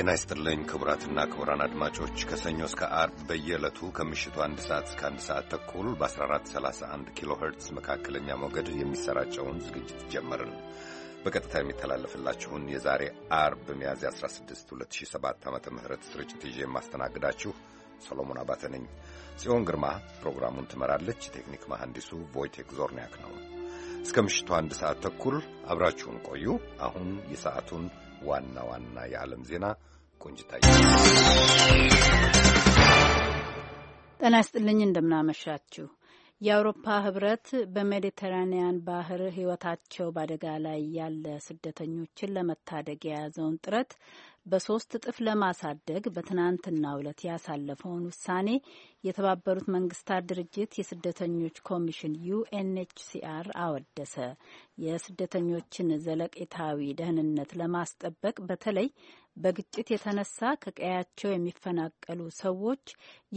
ጤና ይስጥልኝ ክቡራትና ክቡራን አድማጮች ከሰኞ እስከ አርብ በየዕለቱ ከምሽቱ አንድ ሰዓት እስከ አንድ ሰዓት ተኩል በ1431 ኪሎ ኸርትዝ መካከለኛ ሞገድ የሚሰራጨውን ዝግጅት ጀመርን። በቀጥታ የሚተላለፍላችሁን የዛሬ አርብ ሚያዝያ 16 2007 ዓ ምህረት ስርጭት ይዤ የማስተናግዳችሁ ሰሎሞን አባተ ነኝ። ጽዮን ግርማ ፕሮግራሙን ትመራለች። የቴክኒክ መሐንዲሱ ቮይቴክ ዞርኒያክ ነው። እስከ ምሽቱ አንድ ሰዓት ተኩል አብራችሁን ቆዩ። አሁን የሰዓቱን ዋና ዋና የዓለም ዜና ቆንጅታየ። ጤና ይስጥልኝ፣ እንደምናመሻችሁ። የአውሮፓ ህብረት በሜዲተራኒያን ባህር ህይወታቸው በአደጋ ላይ ያለ ስደተኞችን ለመታደግ የያዘውን ጥረት በሶስት እጥፍ ለማሳደግ በትናንትናው ዕለት ያሳለፈውን ውሳኔ የተባበሩት መንግስታት ድርጅት የስደተኞች ኮሚሽን ዩኤንኤችሲአር አወደሰ። የስደተኞችን ዘለቄታዊ ደህንነት ለማስጠበቅ በተለይ በግጭት የተነሳ ከቀያቸው የሚፈናቀሉ ሰዎች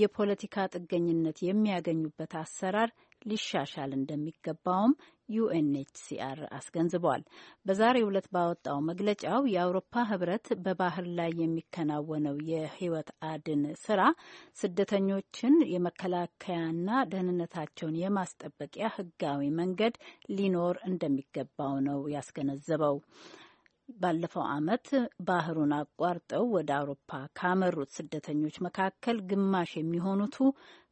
የፖለቲካ ጥገኝነት የሚያገኙበት አሰራር ሊሻሻል እንደሚገባውም ዩኤንኤችሲአር አስገንዝቧል። በዛሬው ዕለት ባወጣው መግለጫው የአውሮፓ ህብረት በባህር ላይ የሚከናወነው የህይወት አድን ስራ ስደተኞችን የመከላከያና ደህንነታቸውን የማስጠበቂያ ህጋዊ መንገድ ሊኖር እንደሚገባው ነው ያስገነዘበው። ባለፈው ዓመት ባህሩን አቋርጠው ወደ አውሮፓ ካመሩት ስደተኞች መካከል ግማሽ የሚሆኑቱ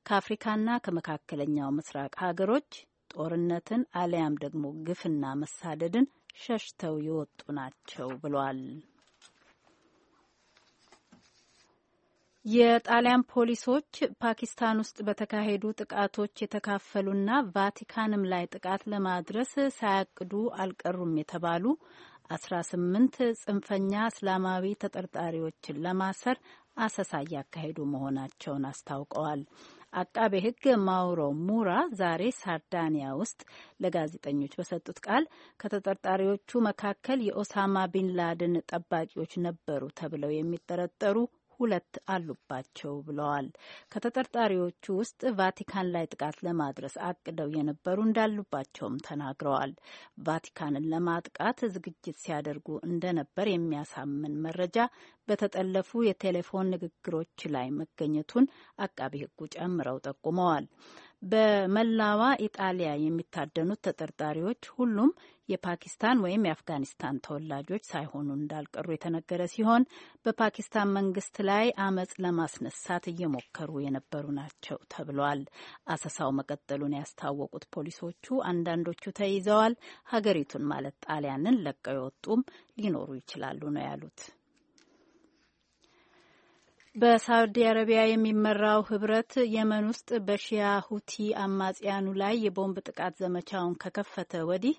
ከአፍሪካና ከመካከለኛው ምስራቅ ሀገሮች ጦርነትን አሊያም ደግሞ ግፍና መሳደድን ሸሽተው የወጡ ናቸው ብሏል። የጣሊያን ፖሊሶች ፓኪስታን ውስጥ በተካሄዱ ጥቃቶች የተካፈሉና ቫቲካንም ላይ ጥቃት ለማድረስ ሳያቅዱ አልቀሩም የተባሉ አስራ ስምንት ጽንፈኛ እስላማዊ ተጠርጣሪዎችን ለማሰር አሰሳ እያካሄዱ መሆናቸውን አስታውቀዋል። አቃቤ ሕግ ማውሮ ሙራ ዛሬ ሳርዳኒያ ውስጥ ለጋዜጠኞች በሰጡት ቃል ከተጠርጣሪዎቹ መካከል የኦሳማ ቢንላድን ጠባቂዎች ነበሩ ተብለው የሚጠረጠሩ ሁለት አሉባቸው ብለዋል። ከተጠርጣሪዎቹ ውስጥ ቫቲካን ላይ ጥቃት ለማድረስ አቅደው የነበሩ እንዳሉባቸውም ተናግረዋል። ቫቲካንን ለማጥቃት ዝግጅት ሲያደርጉ እንደነበር የሚያሳምን መረጃ በተጠለፉ የቴሌፎን ንግግሮች ላይ መገኘቱን አቃቢ ሕጉ ጨምረው ጠቁመዋል። በመላዋ ኢጣሊያ የሚታደኑት ተጠርጣሪዎች ሁሉም የፓኪስታን ወይም የአፍጋኒስታን ተወላጆች ሳይሆኑ እንዳልቀሩ የተነገረ ሲሆን በፓኪስታን መንግስት ላይ አመጽ ለማስነሳት እየሞከሩ የነበሩ ናቸው ተብሏል። አሰሳው መቀጠሉን ያስታወቁት ፖሊሶቹ አንዳንዶቹ ተይዘዋል፣ ሀገሪቱን ማለት ጣሊያንን ለቀው የወጡም ሊኖሩ ይችላሉ ነው ያሉት። በሳውዲ አረቢያ የሚመራው ህብረት የመን ውስጥ በሺያ ሁቲ አማጽያኑ ላይ የቦምብ ጥቃት ዘመቻውን ከከፈተ ወዲህ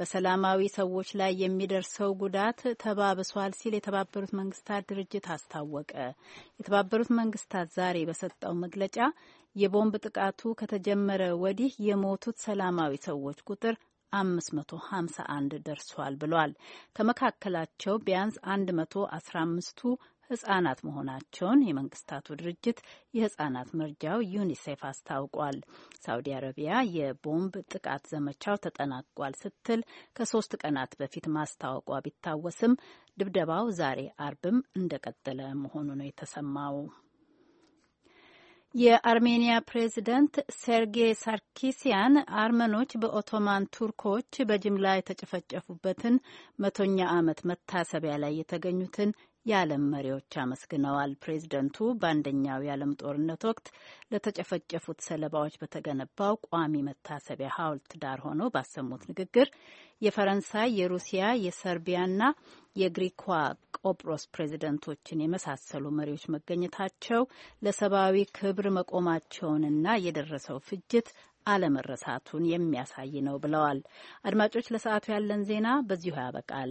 በሰላማዊ ሰዎች ላይ የሚደርሰው ጉዳት ተባብሷል ሲል የተባበሩት መንግስታት ድርጅት አስታወቀ። የተባበሩት መንግስታት ዛሬ በሰጠው መግለጫ የቦምብ ጥቃቱ ከተጀመረ ወዲህ የሞቱት ሰላማዊ ሰዎች ቁጥር 551 ደርሷል ብሏል። ከመካከላቸው ቢያንስ 115ቱ ህጻናት መሆናቸውን የመንግስታቱ ድርጅት የህጻናት መርጃው ዩኒሴፍ አስታውቋል። ሳውዲ አረቢያ የቦምብ ጥቃት ዘመቻው ተጠናቋል ስትል ከሶስት ቀናት በፊት ማስታወቋ ቢታወስም ድብደባው ዛሬ አርብም እንደቀጠለ መሆኑ ነው የተሰማው። የአርሜኒያ ፕሬዚደንት ሴርጌይ ሳርኪሲያን አርመኖች በኦቶማን ቱርኮች በጅምላ የተጨፈጨፉበትን መቶኛ ዓመት መታሰቢያ ላይ የተገኙትን የዓለም መሪዎች አመስግነዋል። ፕሬዝደንቱ በአንደኛው የዓለም ጦርነት ወቅት ለተጨፈጨፉት ሰለባዎች በተገነባው ቋሚ መታሰቢያ ሐውልት ዳር ሆነው ባሰሙት ንግግር የፈረንሳይ፣ የሩሲያ፣ የሰርቢያና የግሪኳ ቆጵሮስ ፕሬዝደንቶችን የመሳሰሉ መሪዎች መገኘታቸው ለሰብአዊ ክብር መቆማቸውንና የደረሰው ፍጅት አለመረሳቱን የሚያሳይ ነው ብለዋል። አድማጮች፣ ለሰዓቱ ያለን ዜና በዚሁ ያበቃል።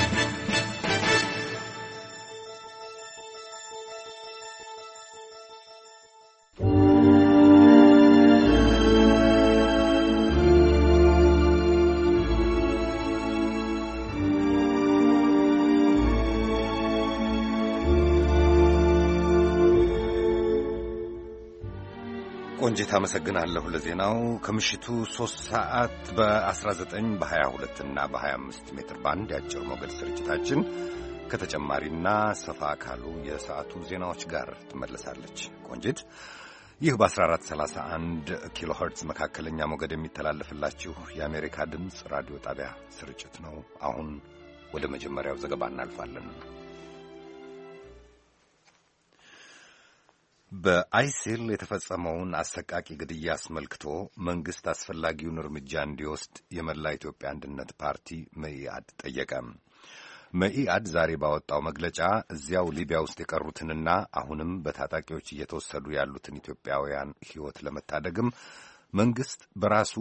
ቆንጂት አመሰግናለሁ ለዜናው። ከምሽቱ ሦስት ሰዓት በ19 በ22 እና በ25 ሜትር ባንድ የአጭር ሞገድ ስርጭታችን ከተጨማሪና ሰፋ ካሉ የሰዓቱ ዜናዎች ጋር ትመለሳለች ቆንጂት። ይህ በ1431 ኪሎ ኸርትዝ መካከለኛ ሞገድ የሚተላለፍላችሁ የአሜሪካ ድምፅ ራዲዮ ጣቢያ ስርጭት ነው። አሁን ወደ መጀመሪያው ዘገባ እናልፋለን። በአይሲል የተፈጸመውን አሰቃቂ ግድያ አስመልክቶ መንግሥት አስፈላጊውን እርምጃ እንዲወስድ የመላ ኢትዮጵያ አንድነት ፓርቲ መኢአድ ጠየቀ። መኢአድ ዛሬ ባወጣው መግለጫ እዚያው ሊቢያ ውስጥ የቀሩትንና አሁንም በታጣቂዎች እየተወሰዱ ያሉትን ኢትዮጵያውያን ሕይወት ለመታደግም መንግሥት በራሱ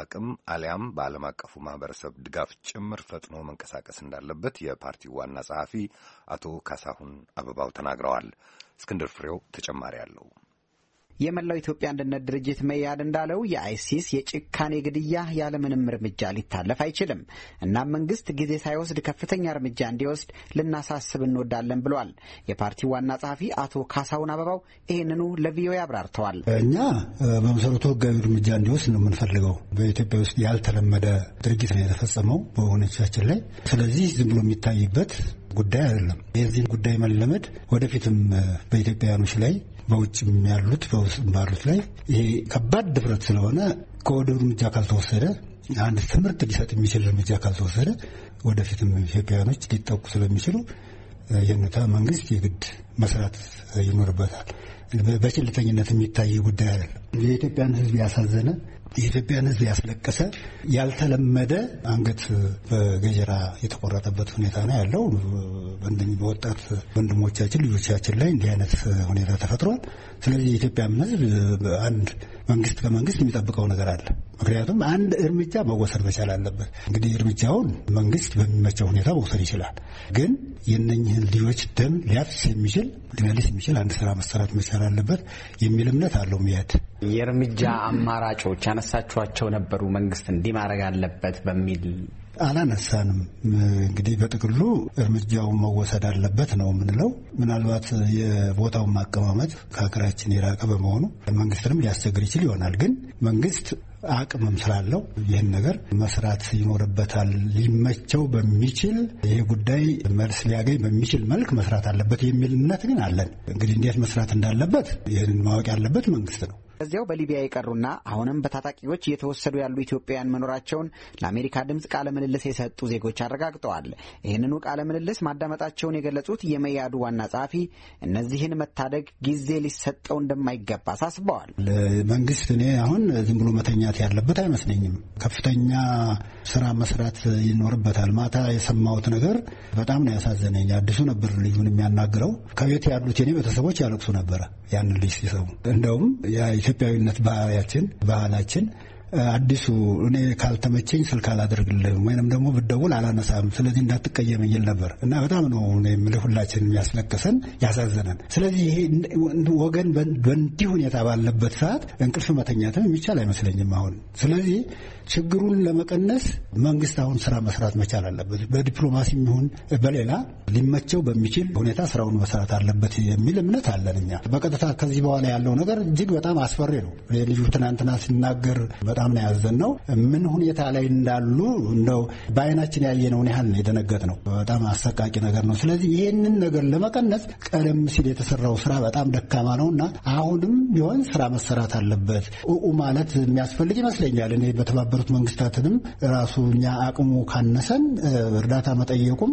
አቅም አሊያም በዓለም አቀፉ ማኅበረሰብ ድጋፍ ጭምር ፈጥኖ መንቀሳቀስ እንዳለበት የፓርቲው ዋና ጸሐፊ አቶ ካሳሁን አበባው ተናግረዋል። እስክንድር ፍሬው ተጨማሪ አለው። የመላው ኢትዮጵያ አንድነት ድርጅት መያድ እንዳለው የአይሲስ የጭካኔ ግድያ ያለምንም እርምጃ ሊታለፍ አይችልም። እናም መንግስት ጊዜ ሳይወስድ ከፍተኛ እርምጃ እንዲወስድ ልናሳስብ እንወዳለን ብሏል። የፓርቲው ዋና ጸሐፊ አቶ ካሳሁን አበባው ይህንኑ ለቪኦኤ አብራርተዋል። እኛ በመሰረቱ ህጋዊ እርምጃ እንዲወስድ ነው የምንፈልገው። በኢትዮጵያ ውስጥ ያልተለመደ ድርጊት ነው የተፈጸመው በሆነቻችን ላይ። ስለዚህ ዝም ብሎ የሚታይበት ጉዳይ አይደለም። የዚህን ጉዳይ መለመድ ወደፊትም በኢትዮጵያውያኖች ላይ በውጭም ያሉት በውስጥም ባሉት ላይ ይሄ ከባድ ድፍረት ስለሆነ ከወደ እርምጃ ካልተወሰደ አንድ ትምህርት ሊሰጥ የሚችል እርምጃ ካልተወሰደ ወደፊትም ኢትዮጵያውያኖች ሊጠቁ ስለሚችሉ የነታ መንግስት የግድ መስራት ይኖርበታል። በችልተኝነት የሚታይ ጉዳይ አይደለም። የኢትዮጵያን ሕዝብ ያሳዘነ የኢትዮጵያን ሕዝብ ያስለቀሰ ያልተለመደ አንገት በገጀራ የተቆረጠበት ሁኔታ ነው ያለው። በወጣት ወንድሞቻችን ልጆቻችን ላይ እንዲህ አይነት ሁኔታ ተፈጥሯል። ስለዚህ የኢትዮጵያ ሕዝብ አንድ መንግስት ከመንግስት የሚጠብቀው ነገር አለ። ምክንያቱም አንድ እርምጃ መወሰድ መቻል አለበት። እንግዲህ እርምጃውን መንግስት በሚመቸው ሁኔታ መውሰድ ይችላል። ግን የነኝህን ልጆች ደም ሊያፍስ የሚችል ሊመልስ የሚችል አንድ ስራ መሰራት መቻል መቀጠል አለበት የሚል እምነት አለው። ሚያት የእርምጃ አማራጮች ያነሳችኋቸው ነበሩ። መንግስት እንዲህ ማድረግ አለበት በሚል አላነሳንም። እንግዲህ በጥቅሉ እርምጃው መወሰድ አለበት ነው የምንለው። ምናልባት የቦታውን ማቀማመጥ ከሀገራችን የራቀ በመሆኑ መንግስትንም ሊያስቸግር ይችል ይሆናል። ግን መንግስት አቅምም ስላለው ይህን ነገር መስራት ይኖርበታል። ሊመቸው በሚችል ይህ ጉዳይ መልስ ሊያገኝ በሚችል መልክ መስራት አለበት የሚል እምነት ግን አለን። እንግዲህ እንዴት መስራት እንዳለበት ይህንን ማወቅ ያለበት መንግስት ነው። እዚያው በሊቢያ የቀሩና አሁንም በታጣቂዎች እየተወሰዱ ያሉ ኢትዮጵያውያን መኖራቸውን ለአሜሪካ ድምፅ ቃለ ምልልስ የሰጡ ዜጎች አረጋግጠዋል። ይህንኑ ቃለ ምልልስ ማዳመጣቸውን የገለጹት የመያዱ ዋና ጸሐፊ እነዚህን መታደግ ጊዜ ሊሰጠው እንደማይገባ አሳስበዋል። መንግስት እኔ አሁን ዝም ብሎ መተኛት ያለበት አይመስለኝም። ከፍተኛ ስራ መስራት ይኖርበታል። ማታ የሰማሁት ነገር በጣም ነው ያሳዘነኝ። አዲሱ ነበር ልዩን የሚያናግረው። ከቤት ያሉት የኔ ቤተሰቦች ያለቅሱ ነበረ ያንን ልጅ ሲሰሙ እንደውም ኢትዮጵያዊነት ባህሪያችን ባህላችን አዲሱ እኔ ካልተመቸኝ ስልክ አላደርግልህም ወይንም ደግሞ ብደውል አላነሳም፣ ስለዚህ እንዳትቀየም ይል ነበር እና በጣም ነው የምልህ ሁላችንም ያስለቀሰን ያሳዘነን። ስለዚህ ይሄ ወገን በእንዲህ ሁኔታ ባለበት ሰዓት እንቅልፍ መተኛትም የሚቻል አይመስለኝም አሁን። ስለዚህ ችግሩን ለመቀነስ መንግስት አሁን ስራ መስራት መቻል አለበት። በዲፕሎማሲ ይሁን በሌላ ሊመቸው በሚችል ሁኔታ ስራውን መስራት አለበት የሚል እምነት አለን እኛ። በቀጥታ ከዚህ በኋላ ያለው ነገር እጅግ በጣም አስፈሪ ነው። ልጁ ትናንትና ሲናገር በጣም ነው ያዘን ነው። ምን ሁኔታ ላይ እንዳሉ እንደው በአይናችን ያየነውን ያህል ነው የደነገጥ ነው። በጣም አሰቃቂ ነገር ነው። ስለዚህ ይህንን ነገር ለመቀነስ ቀደም ሲል የተሰራው ስራ በጣም ደካማ ነው እና አሁንም ቢሆን ስራ መሰራት አለበት እኡ ማለት የሚያስፈልግ ይመስለኛል። እኔ በተባበሩት መንግስታትንም ራሱ እኛ አቅሙ ካነሰን እርዳታ መጠየቁም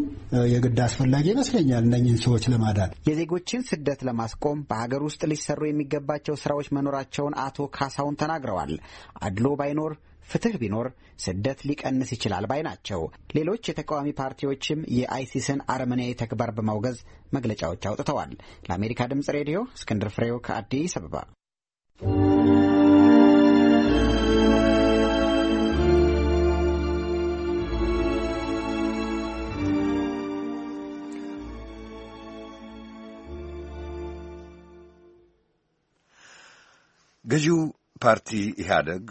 የግድ አስፈላጊ ይመስለኛል። እነኝህን ሰዎች ለማዳን የዜጎችን ስደት ለማስቆም በሀገር ውስጥ ሊሰሩ የሚገባቸው ስራዎች መኖራቸውን አቶ ካሳውን ተናግረዋል። አድሎ ባይኖር ፍትህ ቢኖር ስደት ሊቀንስ ይችላል ባይ ናቸው። ሌሎች የተቃዋሚ ፓርቲዎችም የአይሲስን አረመኔያዊ ተግባር በማውገዝ መግለጫዎች አውጥተዋል። ለአሜሪካ ድምጽ ሬዲዮ እስክንድር ፍሬው ከአዲስ አበባ ገዢው ፓርቲ ኢህአደግ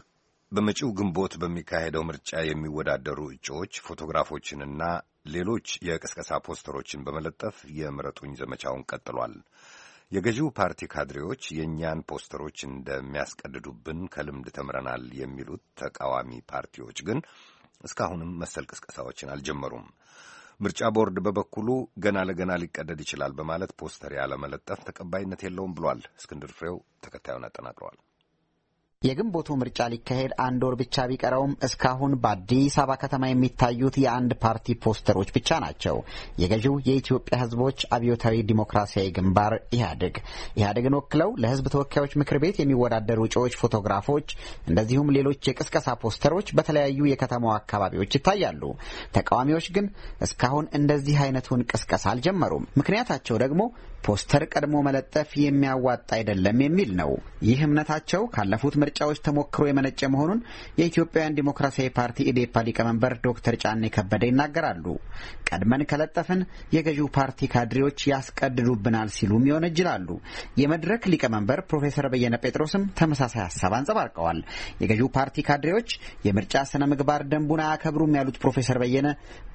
በመጪው ግንቦት በሚካሄደው ምርጫ የሚወዳደሩ እጩዎች ፎቶግራፎችንና ሌሎች የቅስቀሳ ፖስተሮችን በመለጠፍ የምረጡኝ ዘመቻውን ቀጥሏል። የገዢው ፓርቲ ካድሬዎች የእኛን ፖስተሮች እንደሚያስቀድዱብን ከልምድ ተምረናል የሚሉት ተቃዋሚ ፓርቲዎች ግን እስካሁንም መሰል ቅስቀሳዎችን አልጀመሩም። ምርጫ ቦርድ በበኩሉ ገና ለገና ሊቀደድ ይችላል በማለት ፖስተር ያለመለጠፍ ተቀባይነት የለውም ብሏል። እስክንድር ፍሬው ተከታዩን አጠናቅረዋል። የግንቦቱ ምርጫ ሊካሄድ አንድ ወር ብቻ ቢቀረውም እስካሁን በአዲስ አበባ ከተማ የሚታዩት የአንድ ፓርቲ ፖስተሮች ብቻ ናቸው። የገዢው የኢትዮጵያ ሕዝቦች አብዮታዊ ዲሞክራሲያዊ ግንባር ኢህአዴግ ኢህአዴግን ወክለው ለሕዝብ ተወካዮች ምክር ቤት የሚወዳደሩ እጩዎች ፎቶግራፎች፣ እንደዚሁም ሌሎች የቅስቀሳ ፖስተሮች በተለያዩ የከተማው አካባቢዎች ይታያሉ። ተቃዋሚዎች ግን እስካሁን እንደዚህ አይነቱን ቅስቀሳ አልጀመሩም። ምክንያታቸው ደግሞ ፖስተር ቀድሞ መለጠፍ የሚያዋጣ አይደለም የሚል ነው። ይህ እምነታቸው ካለፉት ምርጫዎች ተሞክሮ የመነጨ መሆኑን የኢትዮጵያውያን ዲሞክራሲያዊ ፓርቲ ኢዴፓ ሊቀመንበር ዶክተር ጫኔ ከበደ ይናገራሉ። ቀድመን ከለጠፍን የገዢው ፓርቲ ካድሬዎች ያስቀድዱብናል ሲሉም ይወነጅላሉ። የመድረክ ሊቀመንበር ፕሮፌሰር በየነ ጴጥሮስም ተመሳሳይ ሀሳብ አንጸባርቀዋል። የገዢው ፓርቲ ካድሬዎች የምርጫ ስነ ምግባር ደንቡን አያከብሩም ያሉት ፕሮፌሰር በየነ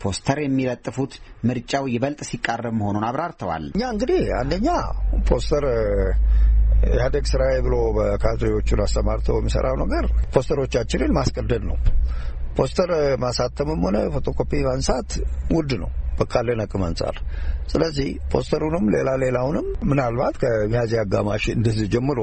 ፖስተር የሚለጥፉት ምርጫው ይበልጥ ሲቃረብ መሆኑን አብራርተዋል። እኛ እንግዲህ አንደኛ ፖስተር ኢህአዴግ ስራዬ ብሎ በካድሬዎቹን አሰማርተው የሚሰራው ነገር ፖስተሮቻችንን ማስቀደድ ነው። ፖስተር ማሳተምም ሆነ ፎቶኮፒ ማንሳት ውድ ነው። ካለን አቅም አንጻር። ስለዚህ ፖስተሩንም ሌላ ሌላውንም ምናልባት ከሚያዝያ አጋማሽ እንደዚህ ጀምሮ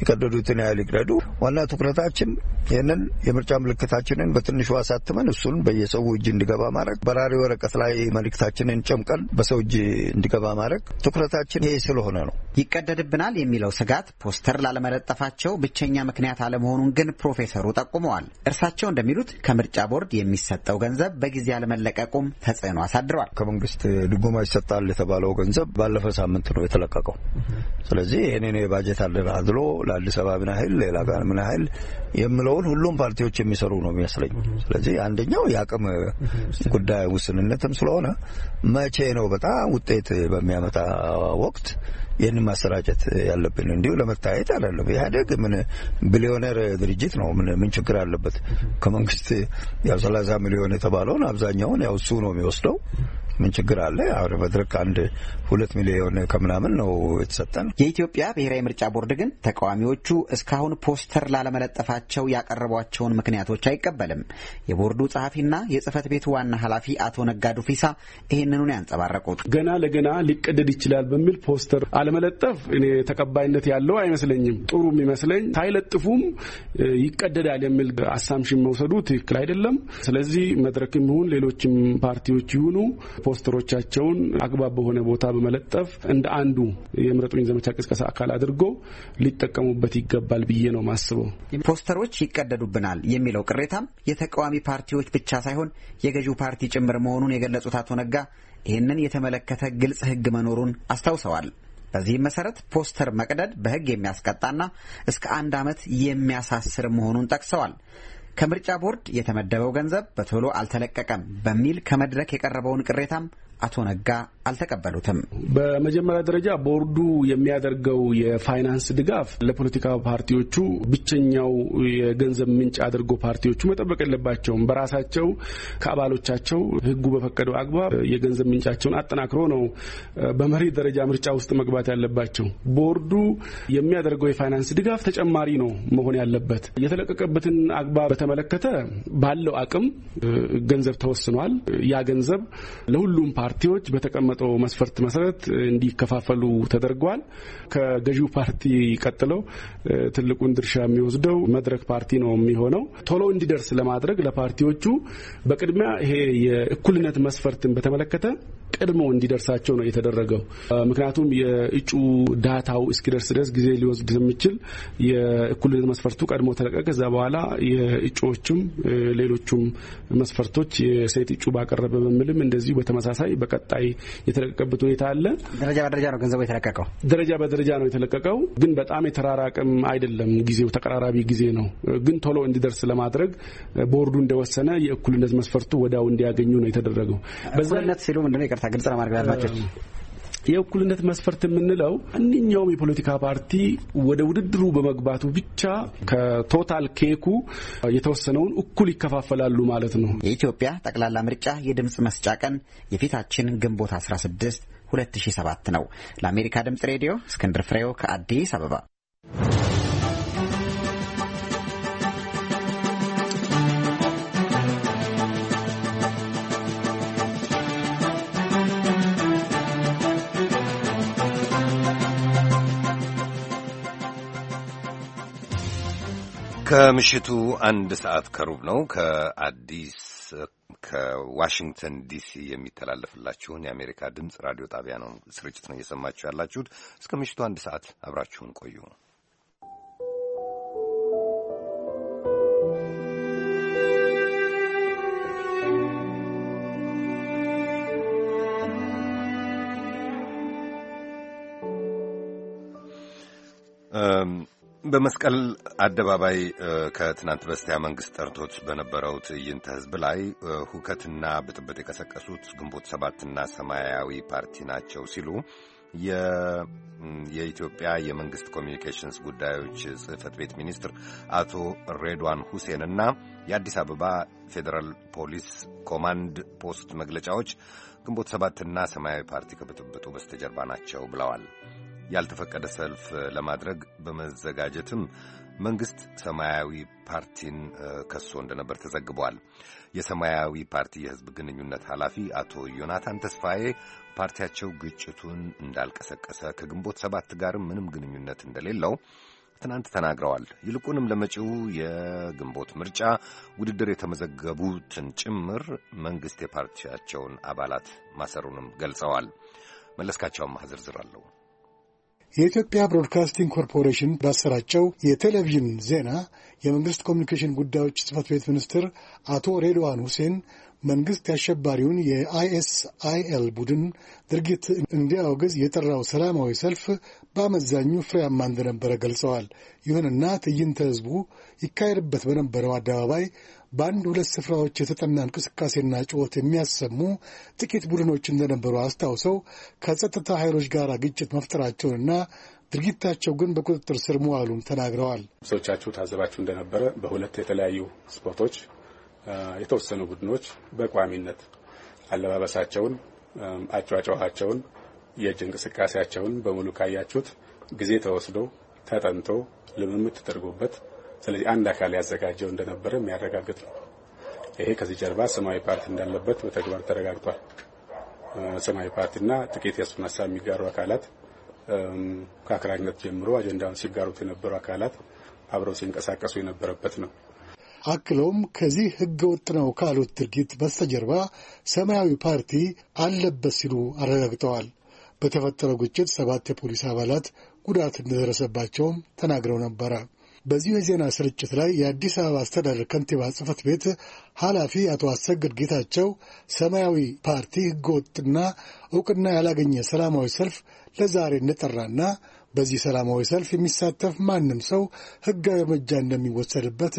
የቀደዱትን ያህል ይቅደዱ። ዋና ትኩረታችን ይህንን የምርጫ ምልክታችንን በትንሹ አሳትመን እሱን በየሰው እጅ እንዲገባ ማድረግ፣ በራሪ ወረቀት ላይ መልእክታችንን ጨምቀን በሰው እጅ እንዲገባ ማድረግ ትኩረታችን ይሄ ስለሆነ ነው። ይቀደድብናል የሚለው ስጋት ፖስተር ላለመለጠፋቸው ብቸኛ ምክንያት አለመሆኑን ግን ፕሮፌሰሩ ጠቁመዋል። እርሳቸው እንደሚሉት ከምርጫ ቦርድ የሚሰጠው ገንዘብ በጊዜ አለመለቀቁም ተጽዕኖ አሳድረዋል። ተናግሯል። ከመንግስት ድጎማ ይሰጣል የተባለው ገንዘብ ባለፈ ሳምንት ነው የተለቀቀው። ስለዚህ ይህንን የባጀት አደራድሎ ለአዲስ አበባ ምን ያህል ሌላ ጋር ምን ያህል የምለውን ሁሉም ፓርቲዎች የሚሰሩ ነው የሚመስለኝ። ስለዚህ አንደኛው የአቅም ጉዳይ ውስንነትም ስለሆነ መቼ ነው በጣም ውጤት በሚያመጣ ወቅት ይህንን ማሰራጨት ያለብን እንዲሁ ለመታየት አይደለም። ኢህአዴግ ምን ቢሊዮነር ድርጅት ነው። ምን ችግር አለበት? ከመንግስት ያው ሰላሳ ሚሊዮን የተባለውን አብዛኛውን ያው እሱ ነው የሚወስደው። ምን ችግር አለ? አሁን መድረክ አንድ ሁለት ሚሊዮን ከምናምን ነው የተሰጠን። የኢትዮጵያ ብሔራዊ ምርጫ ቦርድ ግን ተቃዋሚዎቹ እስካሁን ፖስተር ላለመለጠፋቸው ያቀረቧቸውን ምክንያቶች አይቀበልም። የቦርዱ ጸሐፊና የጽህፈት ቤቱ ዋና ኃላፊ አቶ ነጋዱ ፊሳ ይህንኑን ያንጸባረቁት ገና ለገና ሊቀደድ ይችላል በሚል ፖስተር አለመለጠፍ እኔ ተቀባይነት ያለው አይመስለኝም። ጥሩ የሚመስለኝ ሳይለጥፉም ይቀደዳል የሚል አሳምሽን መውሰዱ ትክክል አይደለም። ስለዚህ መድረክም ይሁን ሌሎችም ፓርቲዎች ይሁኑ ፖስተሮቻቸውን አግባብ በሆነ ቦታ በመለጠፍ እንደ አንዱ የምረጡኝ ዘመቻ ቅስቀሳ አካል አድርጎ ሊጠቀሙበት ይገባል ብዬ ነው ማስበው። ፖስተሮች ይቀደዱብናል የሚለው ቅሬታም የተቃዋሚ ፓርቲዎች ብቻ ሳይሆን የገዢው ፓርቲ ጭምር መሆኑን የገለጹት አቶ ነጋ ይህንን የተመለከተ ግልጽ ሕግ መኖሩን አስታውሰዋል። በዚህም መሰረት ፖስተር መቅደድ በሕግ የሚያስቀጣና እስከ አንድ ዓመት የሚያሳስር መሆኑን ጠቅሰዋል። ከምርጫ ቦርድ የተመደበው ገንዘብ በቶሎ አልተለቀቀም በሚል ከመድረክ የቀረበውን ቅሬታም አቶ ነጋ አልተቀበሉትም። በመጀመሪያ ደረጃ ቦርዱ የሚያደርገው የፋይናንስ ድጋፍ ለፖለቲካ ፓርቲዎቹ ብቸኛው የገንዘብ ምንጭ አድርጎ ፓርቲዎቹ መጠበቅ የለባቸውም። በራሳቸው ከአባሎቻቸው ሕጉ በፈቀደው አግባብ የገንዘብ ምንጫቸውን አጠናክሮ ነው በመሬት ደረጃ ምርጫ ውስጥ መግባት ያለባቸው። ቦርዱ የሚያደርገው የፋይናንስ ድጋፍ ተጨማሪ ነው መሆን ያለበት። የተለቀቀበትን አግባብ በተመለከተ ባለው አቅም ገንዘብ ተወስኗል። ያ ገንዘብ ለሁሉም ፓርቲ ፓርቲዎች በተቀመጠው መስፈርት መሰረት እንዲከፋፈሉ ተደርጓል። ከገዢው ፓርቲ ቀጥለው ትልቁን ድርሻ የሚወስደው መድረክ ፓርቲ ነው የሚሆነው። ቶሎ እንዲደርስ ለማድረግ ለፓርቲዎቹ በቅድሚያ ይሄ የእኩልነት መስፈርትን በተመለከተ ቀድሞ እንዲደርሳቸው ነው የተደረገው። ምክንያቱም የእጩ ዳታው እስኪደርስ ድረስ ጊዜ ሊወስድ የሚችል የእኩልነት መስፈርቱ ቀድሞ ተለቀቀ። ከዛ በኋላ የእጩዎችም ሌሎቹም መስፈርቶች የሴት እጩ ባቀረበ በምልም እንደዚሁ በተመሳሳይ በቀጣይ የተለቀቀበት ሁኔታ አለ። ደረጃ በደረጃ ነው ገንዘቡ የተለቀቀው። ደረጃ በደረጃ ነው የተለቀቀው፣ ግን በጣም የተራራቅም አይደለም። ጊዜው ተቀራራቢ ጊዜ ነው። ግን ቶሎ እንዲደርስ ለማድረግ ቦርዱ እንደወሰነ የእኩልነት መስፈርቱ ወዲያው እንዲያገኙ ነው የተደረገው። በዛነት ሲሉ ምንድነው? ይቅርታ ግልጽ ለማድረግ አድማጮች የእኩልነት መስፈርት የምንለው ማንኛውም የፖለቲካ ፓርቲ ወደ ውድድሩ በመግባቱ ብቻ ከቶታል ኬኩ የተወሰነውን እኩል ይከፋፈላሉ ማለት ነው። የኢትዮጵያ ጠቅላላ ምርጫ የድምፅ መስጫ ቀን የፊታችን ግንቦት 16 2007 ነው። ለአሜሪካ ድምፅ ሬዲዮ እስክንድር ፍሬው ከአዲስ አበባ ከምሽቱ አንድ ሰዓት ከሩብ ነው። ከአዲስ ከዋሽንግተን ዲሲ የሚተላለፍላችሁን የአሜሪካ ድምፅ ራዲዮ ጣቢያ ነው ስርጭት ነው እየሰማችሁ ያላችሁት። እስከ ምሽቱ አንድ ሰዓት አብራችሁን ቆዩ። um, በመስቀል አደባባይ ከትናንት በስቲያ መንግስት ጠርቶት በነበረው ትዕይንተ ህዝብ ላይ ሁከትና ብጥብጥ የቀሰቀሱት ግንቦት ሰባትና ሰማያዊ ፓርቲ ናቸው ሲሉ የኢትዮጵያ የመንግስት ኮሚኒኬሽንስ ጉዳዮች ጽህፈት ቤት ሚኒስትር አቶ ሬድዋን ሁሴን እና የአዲስ አበባ ፌዴራል ፖሊስ ኮማንድ ፖስት መግለጫዎች ግንቦት ሰባትና ሰማያዊ ፓርቲ ከብጥብጡ በስተጀርባ ናቸው ብለዋል። ያልተፈቀደ ሰልፍ ለማድረግ በመዘጋጀትም መንግስት ሰማያዊ ፓርቲን ከሶ እንደነበር ተዘግቧል። የሰማያዊ ፓርቲ የህዝብ ግንኙነት ኃላፊ አቶ ዮናታን ተስፋዬ ፓርቲያቸው ግጭቱን እንዳልቀሰቀሰ ከግንቦት ሰባት ጋርም ምንም ግንኙነት እንደሌለው ትናንት ተናግረዋል። ይልቁንም ለመጪው የግንቦት ምርጫ ውድድር የተመዘገቡትን ጭምር መንግሥት የፓርቲያቸውን አባላት ማሰሩንም ገልጸዋል። መለስካቸውም ዝርዝር አለው። የኢትዮጵያ ብሮድካስቲንግ ኮርፖሬሽን ባሰራጨው የቴሌቪዥን ዜና የመንግስት ኮሚኒኬሽን ጉዳዮች ጽህፈት ቤት ሚኒስትር አቶ ሬድዋን ሁሴን መንግስት የአሸባሪውን የአይኤስአይኤል ቡድን ድርጊት እንዲያወግዝ የጠራው ሰላማዊ ሰልፍ በአመዛኙ ፍሬያማ እንደነበረ ገልጸዋል። ይሁንና ትዕይንተ ህዝቡ ይካሄድበት በነበረው አደባባይ በአንድ ሁለት ስፍራዎች የተጠና እንቅስቃሴና ጩኸት የሚያሰሙ ጥቂት ቡድኖች እንደነበሩ አስታውሰው ከጸጥታ ኃይሎች ጋር ግጭት መፍጠራቸውንና ድርጊታቸው ግን በቁጥጥር ስር መዋሉን ተናግረዋል። ብዙዎቻችሁ ታዘባችሁ እንደነበረ በሁለት የተለያዩ ስፖቶች የተወሰኑ ቡድኖች በቋሚነት አለባበሳቸውን፣ አጨዋጨዋቸውን፣ የእጅ እንቅስቃሴያቸውን በሙሉ ካያችሁት ጊዜ ተወስዶ ተጠንቶ ልምምድ ተደርጎበት ስለዚህ አንድ አካል ያዘጋጀው እንደነበረ የሚያረጋግጥ ነው። ይሄ ከዚህ ጀርባ ሰማያዊ ፓርቲ እንዳለበት በተግባር ተረጋግጧል። ሰማያዊ ፓርቲና ጥቂት የእሱን ሀሳብ የሚጋሩ አካላት ከአክራሪነት ጀምሮ አጀንዳውን ሲጋሩት የነበሩ አካላት አብረው ሲንቀሳቀሱ የነበረበት ነው። አክለውም ከዚህ ሕገ ወጥ ነው ካሉት ድርጊት በስተጀርባ ሰማያዊ ፓርቲ አለበት ሲሉ አረጋግጠዋል። በተፈጠረው ግጭት ሰባት የፖሊስ አባላት ጉዳት እንደደረሰባቸውም ተናግረው ነበረ። በዚሁ የዜና ስርጭት ላይ የአዲስ አበባ አስተዳደር ከንቲባ ጽህፈት ቤት ኃላፊ አቶ አሰግድ ጌታቸው ሰማያዊ ፓርቲ ህገወጥና እውቅና ያላገኘ ሰላማዊ ሰልፍ ለዛሬ እንጠራና በዚህ ሰላማዊ ሰልፍ የሚሳተፍ ማንም ሰው ህጋዊ እርምጃ እንደሚወሰድበት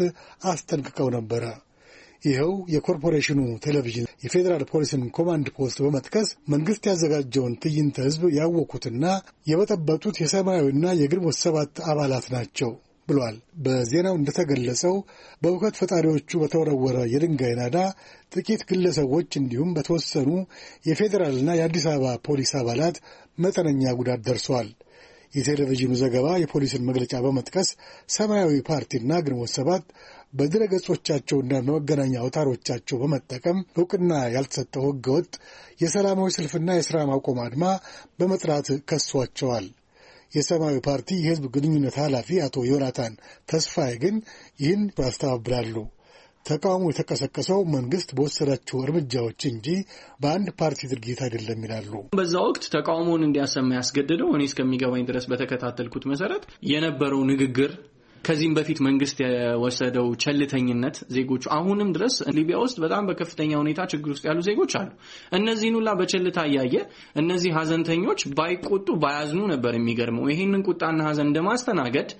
አስጠንቅቀው ነበረ። ይኸው የኮርፖሬሽኑ ቴሌቪዥን የፌዴራል ፖሊስን ኮማንድ ፖስት በመጥቀስ መንግሥት ያዘጋጀውን ትዕይንተ ህዝብ ያወቁትና የበጠበጡት የሰማያዊና የግንቦት ሰባት አባላት ናቸው። ብሏል። በዜናው እንደተገለጸው በእውከት ፈጣሪዎቹ በተወረወረ የድንጋይ ናዳ ጥቂት ግለሰቦች እንዲሁም በተወሰኑ የፌዴራልና የአዲስ አበባ ፖሊስ አባላት መጠነኛ ጉዳት ደርሰዋል። የቴሌቪዥኑ ዘገባ የፖሊስን መግለጫ በመጥቀስ ሰማያዊ ፓርቲና ግንቦት ሰባት በድረ ገጾቻቸውና በመገናኛ አውታሮቻቸው በመጠቀም እውቅና ያልተሰጠው ህገወጥ የሰላማዊ ሰልፍና የሥራ ማቆም አድማ በመጥራት ከሷቸዋል። የሰማያዊ ፓርቲ የህዝብ ግንኙነት ኃላፊ አቶ ዮናታን ተስፋዬ ግን ይህን ያስተባብላሉ። ተቃውሞ የተቀሰቀሰው መንግስት በወሰዳቸው እርምጃዎች እንጂ በአንድ ፓርቲ ድርጊት አይደለም ይላሉ። በዛ ወቅት ተቃውሞውን እንዲያሰማ ያስገድደው እኔ እስከሚገባኝ ድረስ በተከታተልኩት መሰረት የነበረው ንግግር ከዚህም በፊት መንግስት የወሰደው ቸልተኝነት ዜጎቹ አሁንም ድረስ ሊቢያ ውስጥ በጣም በከፍተኛ ሁኔታ ችግር ውስጥ ያሉ ዜጎች አሉ። እነዚህን ሁላ በቸልታ እያየ እነዚህ ሀዘንተኞች ባይቆጡ ባያዝኑ ነበር የሚገርመው። ይህንን ቁጣና ሀዘን እንደማስተናገድ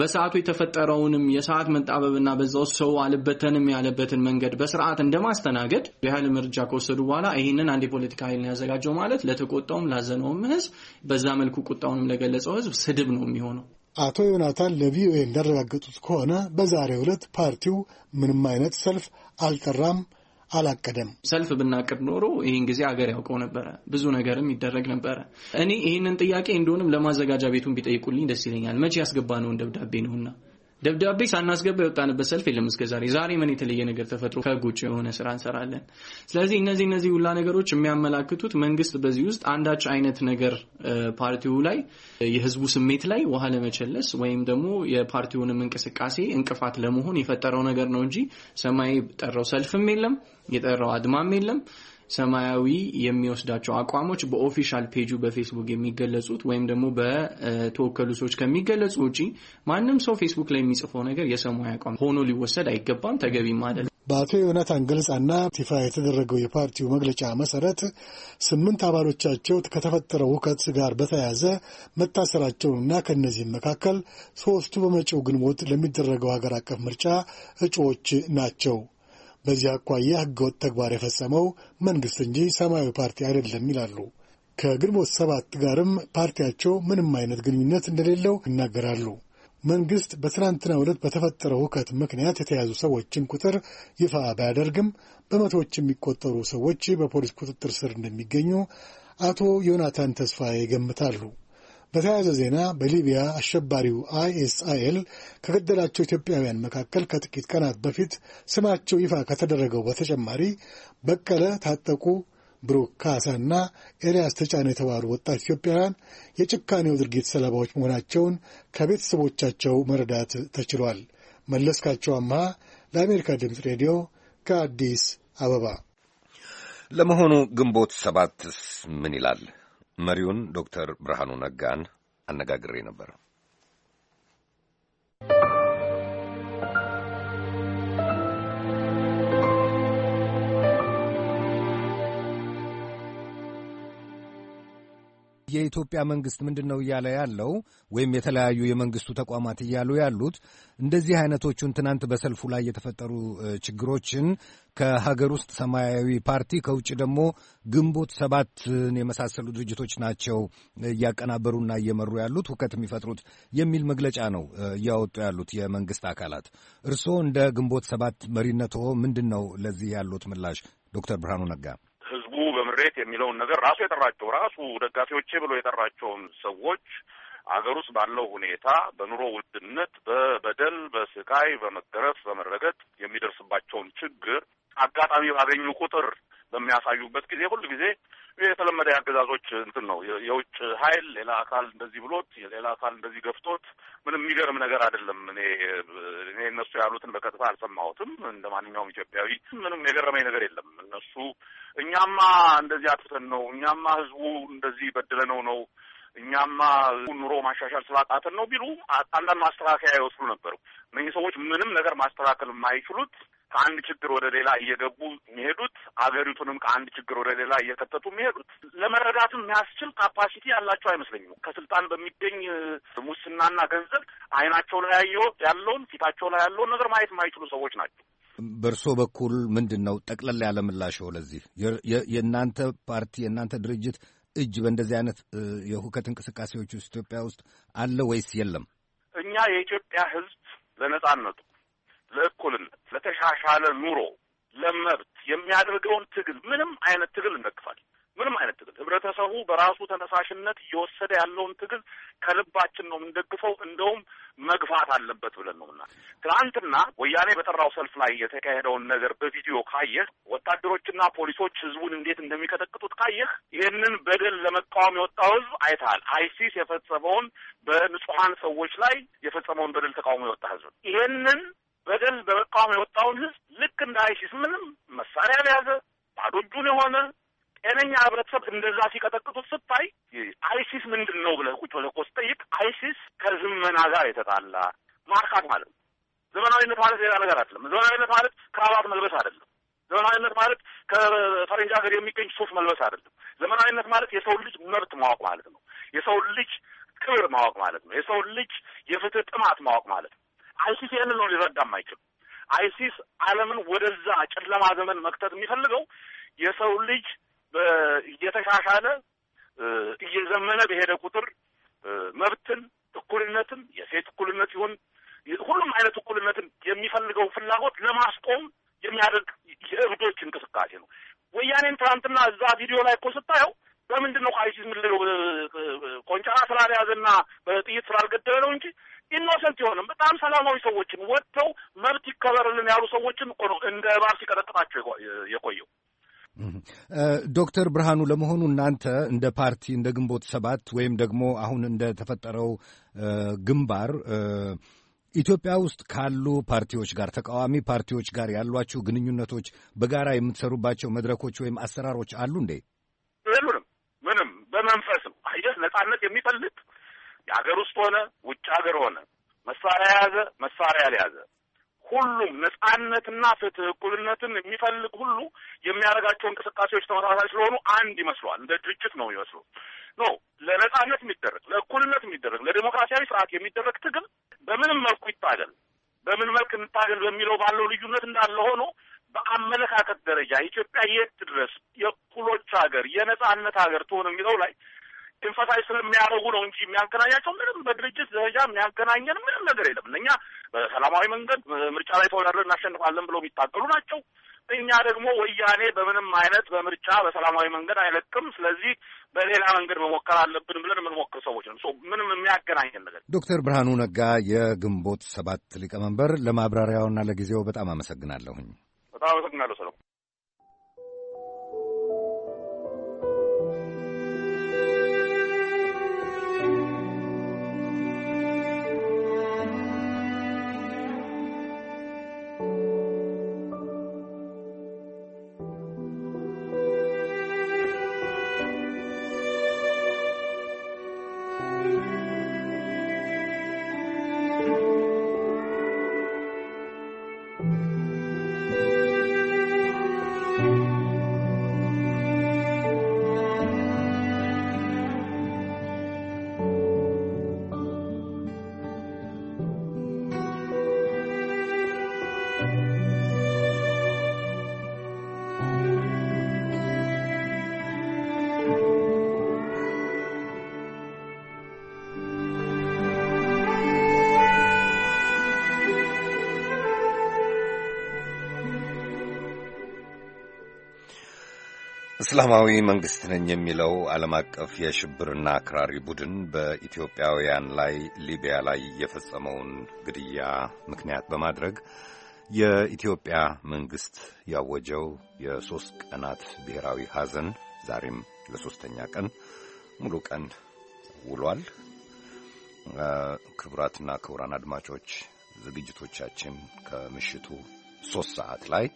በሰዓቱ የተፈጠረውንም የሰዓት መጣበብና በዛው ሰው አልበተንም ያለበትን መንገድ በስርዓት እንደማስተናገድ የኃይል እርምጃ ከወሰዱ በኋላ ይህንን አንድ የፖለቲካ ኃይል ያዘጋጀው ማለት ለተቆጣውም ላዘነውም ህዝብ በዛ መልኩ ቁጣውንም ለገለጸው ህዝብ ስድብ ነው የሚሆነው። አቶ ዮናታን ለቪኦኤ እንዳረጋገጡት ከሆነ በዛሬው ዕለት ፓርቲው ምንም አይነት ሰልፍ አልጠራም፣ አላቀደም። ሰልፍ ብናቅድ ኖሮ ይህን ጊዜ አገር ያውቀው ነበረ፣ ብዙ ነገርም ይደረግ ነበረ። እኔ ይህንን ጥያቄ እንደሆንም ለማዘጋጃ ቤቱን ቢጠይቁልኝ ደስ ይለኛል። መቼ ያስገባ ነውን ደብዳቤ ነውና ደብዳቤ ሳናስገባ የወጣንበት ሰልፍ የለም እስከ ዛሬ። ዛሬ ምን የተለየ ነገር ተፈጥሮ ከህግ ውጭ የሆነ ስራ እንሰራለን? ስለዚህ እነዚህ እነዚህ ሁላ ነገሮች የሚያመላክቱት መንግስት በዚህ ውስጥ አንዳች አይነት ነገር ፓርቲው ላይ የህዝቡ ስሜት ላይ ውሃ ለመቸለስ ወይም ደግሞ የፓርቲውንም እንቅስቃሴ እንቅፋት ለመሆን የፈጠረው ነገር ነው እንጂ ሰማይ ጠራው ሰልፍም የለም የጠራው አድማም የለም። ሰማያዊ የሚወስዳቸው አቋሞች በኦፊሻል ፔጁ በፌስቡክ የሚገለጹት ወይም ደግሞ በተወከሉ ሰዎች ከሚገለጹ ውጪ ማንም ሰው ፌስቡክ ላይ የሚጽፈው ነገር የሰማያዊ አቋም ሆኖ ሊወሰድ አይገባም፣ ተገቢም አይደለም። በአቶ ዮናታን ገለጻና ይፋ የተደረገው የፓርቲው መግለጫ መሰረት ስምንት አባሎቻቸው ከተፈጠረው ሁከት ጋር በተያያዘ መታሰራቸውንና ከእነዚህም መካከል ሶስቱ በመጪው ግንቦት ለሚደረገው ሀገር አቀፍ ምርጫ እጩዎች ናቸው። በዚህ አኳያ ህገወጥ ተግባር የፈጸመው መንግስት እንጂ ሰማያዊ ፓርቲ አይደለም ይላሉ። ከግንቦት ሰባት ጋርም ፓርቲያቸው ምንም አይነት ግንኙነት እንደሌለው ይናገራሉ። መንግስት በትናንትናው ዕለት በተፈጠረው ሁከት ምክንያት የተያዙ ሰዎችን ቁጥር ይፋ ባያደርግም በመቶዎች የሚቆጠሩ ሰዎች በፖሊስ ቁጥጥር ስር እንደሚገኙ አቶ ዮናታን ተስፋዬ ይገምታሉ። በተያያዘ ዜና በሊቢያ አሸባሪው አይኤስአይኤል ከገደላቸው ኢትዮጵያውያን መካከል ከጥቂት ቀናት በፊት ስማቸው ይፋ ከተደረገው በተጨማሪ በቀለ ታጠቁ፣ ብሩክ እና ኤልያስ ተጫነ የተባሉ ወጣት ኢትዮጵያውያን የጭካኔው ድርጊት ሰለባዎች መሆናቸውን ከቤተሰቦቻቸው መረዳት ተችሏል። መለስካቸው አምሃ ለአሜሪካ ድምፅ ሬዲዮ ከአዲስ አበባ። ለመሆኑ ግንቦት ሰባትስ ምን ይላል? መሪውን ዶክተር ብርሃኑ ነጋን አነጋግሬ ነበር። የኢትዮጵያ መንግስት ምንድን ነው እያለ ያለው ወይም የተለያዩ የመንግስቱ ተቋማት እያሉ ያሉት እንደዚህ አይነቶቹን ትናንት በሰልፉ ላይ የተፈጠሩ ችግሮችን ከሀገር ውስጥ ሰማያዊ ፓርቲ ከውጭ ደግሞ ግንቦት ሰባትን የመሳሰሉ ድርጅቶች ናቸው እያቀናበሩና እየመሩ ያሉት ሁከት የሚፈጥሩት የሚል መግለጫ ነው እያወጡ ያሉት የመንግስት አካላት። እርስዎ እንደ ግንቦት ሰባት መሪነቶ ምንድን ነው ለዚህ ያሉት ምላሽ ዶክተር ብርሃኑ ነጋ? ምሬት የሚለውን ነገር ራሱ የጠራቸው ራሱ ደጋፊዎቼ ብሎ የጠራቸውን ሰዎች አገር ውስጥ ባለው ሁኔታ በኑሮ ውድነት፣ በበደል፣ በስቃይ፣ በመገረፍ፣ በመረገጥ የሚደርስባቸውን ችግር አጋጣሚ ባገኙ ቁጥር በሚያሳዩበት ጊዜ ሁሉ ጊዜ የተለመደ የአገዛዞች እንትን ነው። የውጭ ኃይል ሌላ አካል እንደዚህ ብሎት፣ ሌላ አካል እንደዚህ ገፍቶት ምንም የሚገርም ነገር አይደለም። እኔ እኔ እነሱ ያሉትን በቀጥታ አልሰማሁትም። እንደ ማንኛውም ኢትዮጵያዊ ምንም የገረመኝ ነገር የለም። እነሱ እኛማ እንደዚህ አጥፍተን ነው፣ እኛማ ህዝቡ እንደዚህ በድለነው ነው እኛማ ኑሮ ማሻሻል ስላቃተን ነው ቢሉ አንዳንድ ማስተካከያ ይወስዱ ነበሩ። እነዚህ ሰዎች ምንም ነገር ማስተካከል የማይችሉት ከአንድ ችግር ወደ ሌላ እየገቡ የሚሄዱት አገሪቱንም ከአንድ ችግር ወደ ሌላ እየከተቱ የሚሄዱት ለመረዳትም የሚያስችል ካፓሲቲ ያላቸው አይመስለኝም። ከስልጣን በሚገኝ ሙስናና ገንዘብ አይናቸው ላይ ያየ ያለውን ፊታቸው ላይ ያለውን ነገር ማየት የማይችሉ ሰዎች ናቸው። በእርስዎ በኩል ምንድን ነው ጠቅለላ ያለ ለዚህ የእናንተ ፓርቲ የእናንተ ድርጅት እጅ በእንደዚህ አይነት የሁከት እንቅስቃሴዎች ውስጥ ኢትዮጵያ ውስጥ አለ ወይስ የለም? እኛ የኢትዮጵያ ሕዝብ ለነጻነቱ ለእኩልነት፣ ለተሻሻለ ኑሮ፣ ለመብት የሚያደርገውን ትግል ምንም አይነት ትግል እንደግፋል ምንም አይነት ትግል ህብረተሰቡ በራሱ ተነሳሽነት እየወሰደ ያለውን ትግል ከልባችን ነው የምንደግፈው። እንደውም መግፋት አለበት ብለን ነው ምና ትናንትና ወያኔ በጠራው ሰልፍ ላይ የተካሄደውን ነገር በቪዲዮ ካየህ ወታደሮችና ፖሊሶች ህዝቡን እንዴት እንደሚቀጠቅጡት ካየህ ይህንን በደል ለመቃወም የወጣው ህዝብ አይተሃል። አይሲስ የፈጸመውን በንጹሐን ሰዎች ላይ የፈጸመውን በደል ተቃውሞ የወጣ ህዝብ ይህንን። በደል በመቃወም የወጣውን ህዝብ ልክ እንደ አይሲስ ምንም መሳሪያ የያዘ ባዶ እጁን የሆነ ጤነኛ ህብረተሰብ እንደዛ ሲቀጠቅጡት ስታይ አይሲስ ምንድን ነው ብለህ ቁጭ ብለህ እኮ ስጠይቅ አይሲስ ከዝመና ጋር የተጣላ ማርካት ማለት ነው። ዘመናዊነት ማለት ሌላ ነገር አይደለም። ዘመናዊነት ማለት ክራባት መልበስ አይደለም። ዘመናዊነት ማለት ከፈረንጅ ሀገር የሚገኝ ሱፍ መልበስ አይደለም። ዘመናዊነት ማለት የሰው ልጅ መብት ማወቅ ማለት ነው። የሰው ልጅ ክብር ማወቅ ማለት ነው። የሰው ልጅ የፍትህ ጥማት ማወቅ ማለት ነው። አይሲስ ይህንን ነው ሊረዳም አይችልም። አይሲስ ዓለምን ወደዛ ጨለማ ዘመን መክተት የሚፈልገው የሰው ልጅ እየተሻሻለ እየዘመነ በሄደ ቁጥር መብትን፣ እኩልነትን የሴት እኩልነት ይሁን ሁሉም አይነት እኩልነትን የሚፈልገው ፍላጎት ለማስቆም የሚያደርግ የእብዶች እንቅስቃሴ ነው። ወያኔን ትናንትና እዛ ቪዲዮ ላይ እኮ ስታየው በምንድን ነው አይሲስ የምንለው? ቆንጫ ስላልያዘና በጥይት ስላልገደለ ነው እንጂ ኢኖሰንት የሆነም በጣም ሰላማዊ ሰዎችን ወጥተው መብት ይከበርልን ያሉ ሰዎችም እኮ ነው እንደ ባር ሲቀጠቅጣቸው የቆየው። ዶክተር ብርሃኑ ለመሆኑ እናንተ እንደ ፓርቲ እንደ ግንቦት ሰባት ወይም ደግሞ አሁን እንደተፈጠረው ግንባር ኢትዮጵያ ውስጥ ካሉ ፓርቲዎች ጋር ተቃዋሚ ፓርቲዎች ጋር ያሏችሁ ግንኙነቶች፣ በጋራ የምትሰሩባቸው መድረኮች ወይም አሰራሮች አሉ እንዴ? የሉንም። ምንም በመንፈስም አየህ ነጻነት የሚፈልግ የሀገር ውስጥ ሆነ ውጭ ሀገር ሆነ መሳሪያ የያዘ መሳሪያ ያልያዘ ሁሉም ነጻነትና ፍትህ እኩልነትን የሚፈልግ ሁሉ የሚያደርጋቸው እንቅስቃሴዎች ተመሳሳይ ስለሆኑ አንድ ይመስለዋል። እንደ ድርጅት ነው ይመስሉ ኖ ለነጻነት የሚደረግ ለእኩልነት የሚደረግ ለዴሞክራሲያዊ ስርዓት የሚደረግ ትግል በምንም መልኩ ይታገል በምን መልክ እንታገል በሚለው ባለው ልዩነት እንዳለ ሆኖ በአመለካከት ደረጃ ኢትዮጵያ የት ድረስ የእኩሎች ሀገር የነጻነት ሀገር ትሆን የሚለው ላይ ኤምፋሳይዝ ስለሚያደርጉ ነው እንጂ የሚያገናኛቸው ምንም በድርጅት ደረጃ የሚያገናኘን ምንም ነገር የለም። እኛ በሰላማዊ መንገድ ምርጫ ላይ ተወዳድረን እናሸንፋለን ብለው የሚታገሉ ናቸው። እኛ ደግሞ ወያኔ በምንም አይነት በምርጫ በሰላማዊ መንገድ አይለቅም፣ ስለዚህ በሌላ መንገድ መሞከር አለብን ብለን የምንሞክር ሰዎች ነው። ምንም የሚያገናኘን ነገር። ዶክተር ብርሃኑ ነጋ የግንቦት ሰባት ሊቀመንበር፣ ለማብራሪያውና ለጊዜው በጣም አመሰግናለሁኝ። በጣም አመሰግናለሁ ሰለሞን። እስላማዊ መንግሥት ነኝ የሚለው ዓለም አቀፍ የሽብርና አክራሪ ቡድን በኢትዮጵያውያን ላይ ሊቢያ ላይ የፈጸመውን ግድያ ምክንያት በማድረግ የኢትዮጵያ መንግሥት ያወጀው የሦስት ቀናት ብሔራዊ ሐዘን ዛሬም ለሦስተኛ ቀን ሙሉ ቀን ውሏል። ክቡራትና ክቡራን አድማጮች ዝግጅቶቻችን ከምሽቱ ሦስት ሰዓት ላይ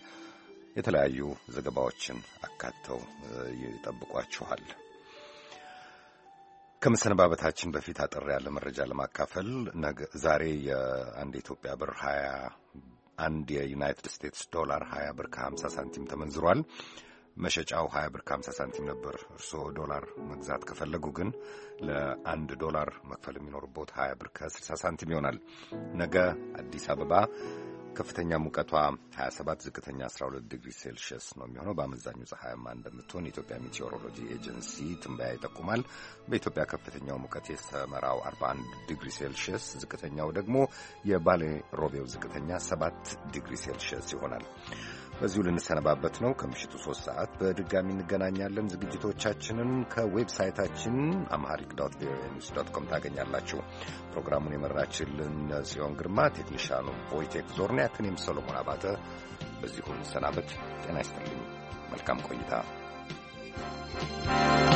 የተለያዩ ዘገባዎችን አካተው ይጠብቋችኋል። ከመሰነባበታችን በፊት አጠር ያለ መረጃ ለማካፈል ዛሬ የአንድ የኢትዮጵያ ብር 20 አንድ የዩናይትድ ስቴትስ ዶላር 20 ብር ከ50 ሳንቲም ተመንዝሯል። መሸጫው 20 ብር ከ50 ሳንቲም ነበር። እርስዎ ዶላር መግዛት ከፈለጉ ግን ለአንድ ዶላር መክፈል የሚኖርቦት 20 ብር ከ60 ሳንቲም ይሆናል። ነገ አዲስ አበባ ከፍተኛ ሙቀቷ 27፣ ዝቅተኛ 12 ዲግሪ ሴልሽየስ ነው የሚሆነው። በአመዛኙ ፀሐያማ እንደምትሆን የኢትዮጵያ ሜቴዎሮሎጂ ኤጀንሲ ትንበያ ይጠቁማል። በኢትዮጵያ ከፍተኛው ሙቀት የሰመራው 41 ዲግሪ ሴልሽየስ፣ ዝቅተኛው ደግሞ የባሌ ሮቤው ዝቅተኛ 7 ዲግሪ ሴልሽየስ ይሆናል። በዚሁ ልንሰነባበት ነው። ከምሽቱ ሶስት ሰዓት በድጋሚ እንገናኛለን። ዝግጅቶቻችንን ከዌብሳይታችን አምሃሪክ ዶት ቪኦኤ ኒውስ ዶት ኮም ታገኛላችሁ። ፕሮግራሙን የመራችልን ጽዮን ግርማ፣ ቴክኒሻኑ ቮይቴክ ዞርኒያክ፣ እኔም ሰሎሞን አባተ በዚሁ ልንሰናበት። ጤና ይስጥልኝ። መልካም ቆይታ። Thank you.